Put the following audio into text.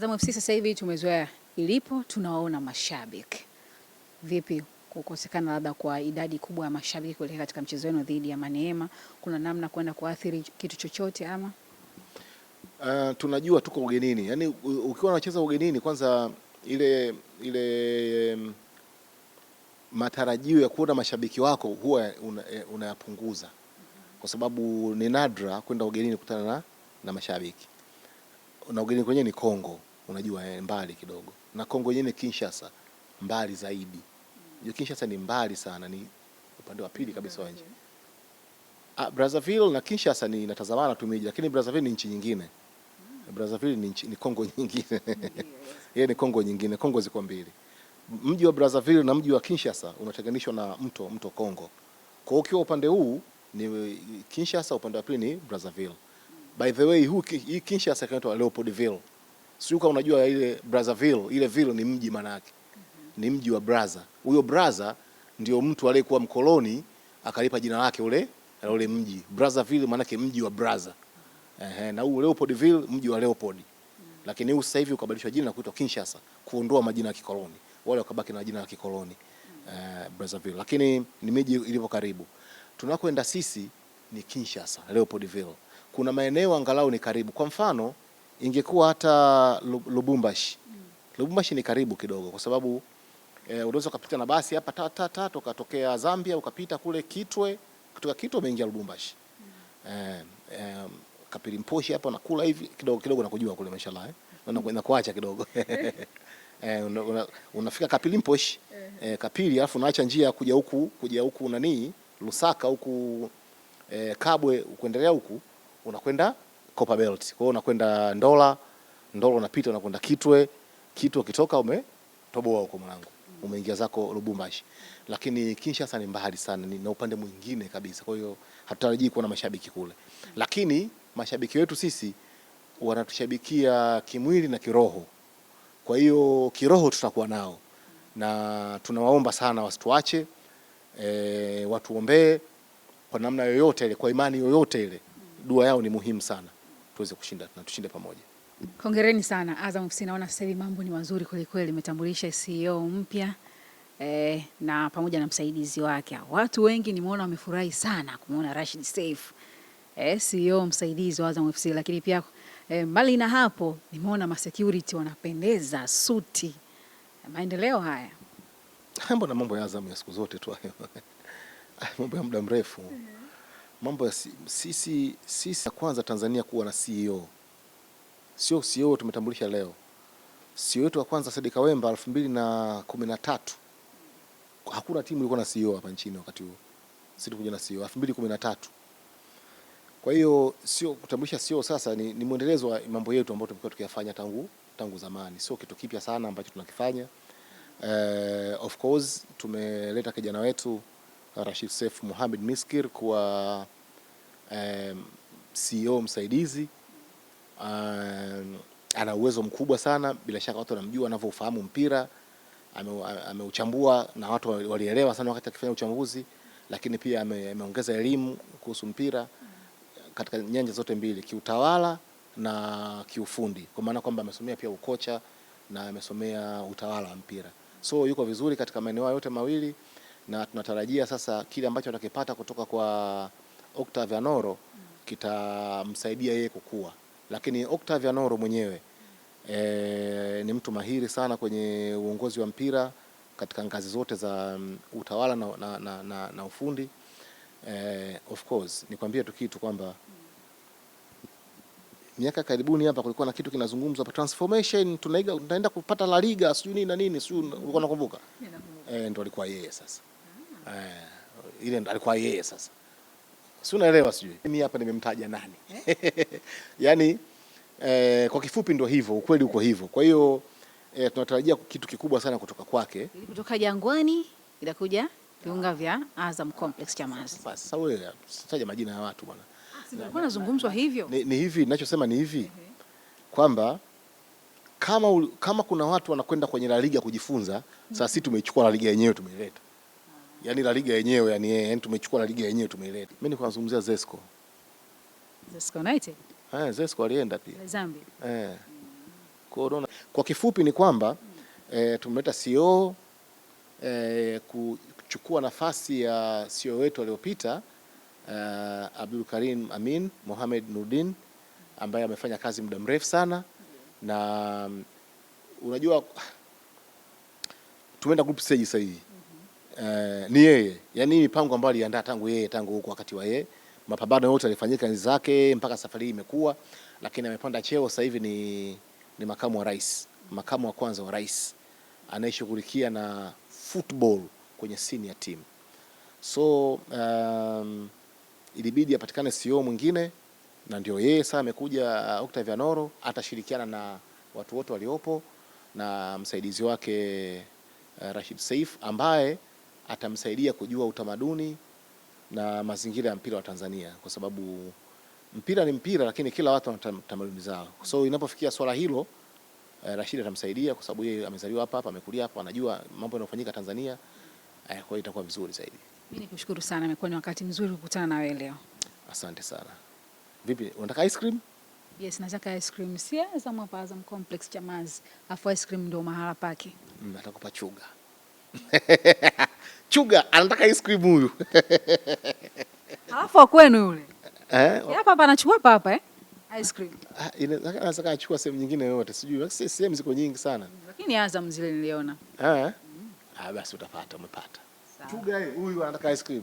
Azam FC sasa hivi tumezoea ilipo, tunaona mashabiki. Vipi kukosekana labda kwa idadi kubwa ya mashabiki kuelekea katika mchezo wenu dhidi ya maneema kuna namna kwenda kuathiri kitu chochote ama? Uh, tunajua tuko ugenini, yaani ukiwa unacheza ugenini kwanza ile ile um, matarajio ya kuona mashabiki wako huwa eh, unayapunguza una kwa sababu ni nadra kwenda ugenini kukutana na mashabiki na ugenini kwenyewe ni Kongo unajua eh, mbali kidogo na Kongo yenyewe Kinshasa mbali zaidi Hiyo Kinshasa ni mbali sana, ni upande wa pili kabisa wa nje. Ah, Brazzaville na Kinshasa ni natazamana tu miji, lakini Brazzaville ni nchi nyingine Brazzaville ni nchi, ni Kongo nyingine yeye ni Kongo nyingine. Kongo ziko mbili, mji wa Brazzaville na mji wa Kinshasa unatenganishwa na mto mto Kongo. Kwa hiyo ukiwa upande huu ni Kinshasa, upande wa pili ni Brazzaville. By the way, huu hii Kinshasa kinaitwa Leopoldville Suyuka, unajua ile Brazzaville, ile ville ni mji maana Mm -hmm. Ni mji wa Brazza. Huyo Brazza ndio mtu aliyekuwa mkoloni akalipa jina lake ule ule mji. Brazzaville maana yake mji wa Brazza. Ehe, na huu Leopoldville mji wa Leopold. Mm -hmm. Lakini huu sasa hivi ukabadilishwa jina kuitwa Kinshasa kuondoa majina ya kikoloni. Wale wakabaki na jina la kikoloni. Mm -hmm. Uh, Brazzaville. Lakini ni miji ilivyo karibu. Tunakoenda sisi ni Kinshasa, Leopoldville. Kuna maeneo angalau ni karibu. Kwa mfano ingekuwa hata Lubumbashi. Lubumbashi ni karibu kidogo, kwa sababu e, unaweza ukapita na basi hapa tata tata ukatokea Zambia ukapita kule Kitwe, kutoka Kitwe umeingia Lubumbashi. Mm. Eh, eh, kapiri mposhi hapa nakula hivi kidogo kidogo, nakujua kule mashallah eh, mm. na kuacha kidogo eh. eh, una, una, unafika kapiri mposhi eh. eh, kapili, alafu unaacha njia ya kuja huku kuja huku nani Lusaka huku eh, Kabwe, kuendelea huku unakwenda Copper Belt. Kwa hiyo unakwenda Ndola, Ndola unapita unakwenda Kitwe, Kitwe ukitoka umetoboa huko mwanangu. Umeingia zako Lubumbashi. Lakini Kinshasa ni mbali sana, ni na upande mwingine kabisa. Kwa hiyo hatutarajii kuona mashabiki kule. Lakini mashabiki wetu sisi wanatushabikia kimwili na kiroho. Kwa hiyo kiroho tutakuwa nao na tunawaomba sana wasituache, e, watuombee kwa namna yoyote ile, kwa imani yoyote ile. Dua yao ni muhimu sana tuweze kushinda na tushinde pamoja. Kongereni sana Azam FC, naona sasa hivi mambo ni mazuri kweli kweli, umetambulisha CEO mpya eh, na pamoja na msaidizi wake. Watu wengi nimeona wamefurahi sana kumuona Rashid Saif eh, CEO msaidizi wa Azam FC, lakini pia eh, mbali na hapo nimeona masecurity wanapendeza suti. Maendeleo haya, mbona mambo ya Azam ya siku zote tu hayo mambo ya muda mrefu mm mambo ya sisi, sisi ya kwanza Tanzania kuwa na CEO, sio CEO tumetambulisha leo. CEO wetu wa kwanza Said Kawemba 2013. hakuna timu ilikuwa na CEO hapa nchini wakati huo, sisi tulikuja na CEO 2013. Kwa hiyo sio kutambulisha CEO sasa ni, ni mwendelezo wa mambo yetu ambayo tumekuwa tukiyafanya tangu tangu zamani, sio kitu kipya sana ambacho tunakifanya. Uh, of course tumeleta kijana wetu Rashid sef Mohamed Miskir kuwa um, CEO msaidizi um, ana uwezo mkubwa sana, bila shaka watu wanamjua anavyofahamu mpira, ameuchambua ame na watu walielewa sana wakati akifanya uchambuzi, lakini pia ameongeza ame elimu kuhusu mpira katika nyanja zote mbili, kiutawala na kiufundi, kwa maana kwamba amesomea pia ukocha na amesomea utawala wa mpira, so yuko vizuri katika maeneo yote mawili na tunatarajia sasa kile ambacho atakipata kutoka kwa Octavia Noro kitamsaidia yeye kukua, lakini Octavia Noro mwenyewe e, ni mtu mahiri sana kwenye uongozi wa mpira katika ngazi zote za mm, utawala na, na, na, na, na ufundi e, of course nikwambie tu kitu kwamba miaka karibuni hapa kulikuwa na kitu kinazungumzwa hapa transformation, tunaenda kupata La Liga sijui nini na nini, sijui ulikuwa unakumbuka? Eh, ndo alikuwa yeye sasa eh, ile alikuwa yeye sasa, si unaelewa? Sijui mimi hapa nimemtaja nani yani eh, kwa kifupi ndio hivyo, ukweli uko hivyo. Kwa hiyo eh, tunatarajia kitu kikubwa sana kutoka kwake. Kutoka Jangwani inakuja viunga vya Azam Complex Chamazi. Sasa wewe sitaja majina ya watu bwana, ah, sikuwa nazungumzwa hivyo. Ni, ni hivi ninachosema ni hivi kwamba kama, kama kuna watu wanakwenda kwenye La Liga kujifunza, sasa sisi tumeichukua La Liga yenyewe tumeileta yani La Liga yenyewe yani, yeye yani tumechukua La Liga yenyewe tumeileta. Mimi niko nazungumzia Zesco. Zesco United. Eh, Zesco alienda pia eh, Zambia. Eh. Kwa, hiyo kwa kifupi ni kwamba eh, tumeleta CEO eh, kuchukua nafasi ya CEO wetu aliyopita eh, Abdul Karim Amin Mohamed Nurdin ambaye amefanya kazi muda mrefu sana na unajua tumeenda group stage sasa hivi Eh, ni yeye, yaani mipango ambayo aliandaa tangu yeye, tangu huko wakati wa yeye, mapambano yote alifanyika enzi zake mpaka safari hii imekuwa, lakini amepanda cheo sasa hivi ni, ni makamu wa rais, makamu wa kwanza wa rais anayeshughulikia na football kwenye senior team. So um, ilibidi apatikane CEO mwingine na ndio yeye sasa amekuja uh, Octavia Noro, atashirikiana na watu wote waliopo na msaidizi wake uh, Rashid Saif ambaye atamsaidia kujua utamaduni na mazingira ya mpira wa Tanzania, kwa sababu mpira ni mpira, lakini kila watu wana tamaduni zao. So inapofikia swala hilo eh, Rashid atamsaidia kwa sababu yeye amezaliwa hapa hapa, amekulia hapa, anajua mambo yanayofanyika Tanzania eh, kwa hiyo itakuwa vizuri zaidi. Mimi nikushukuru sana, imekuwa ni wakati mzuri kukutana na wewe leo. Asante sana. Vipi, unataka ice cream? Yes, nataka ice cream. Si Azam hapa Azam Complex Chamazi. Afu ice cream ndio mahala pake. Mm, nataka kupachuga. Chuga anataka ice cream huyu. Alafu kwenu yule. Eh? Hapa hapa anachukua hapa hapa eh? Ice cream. Ah, Inaweza kaachukua sehemu nyingine yote. sijui. Sehemu ziko nyingi sana. Lakini Azam zile niliona. Eh? Ah, basi utapata, umepata. Chuga huyu anataka ice cream.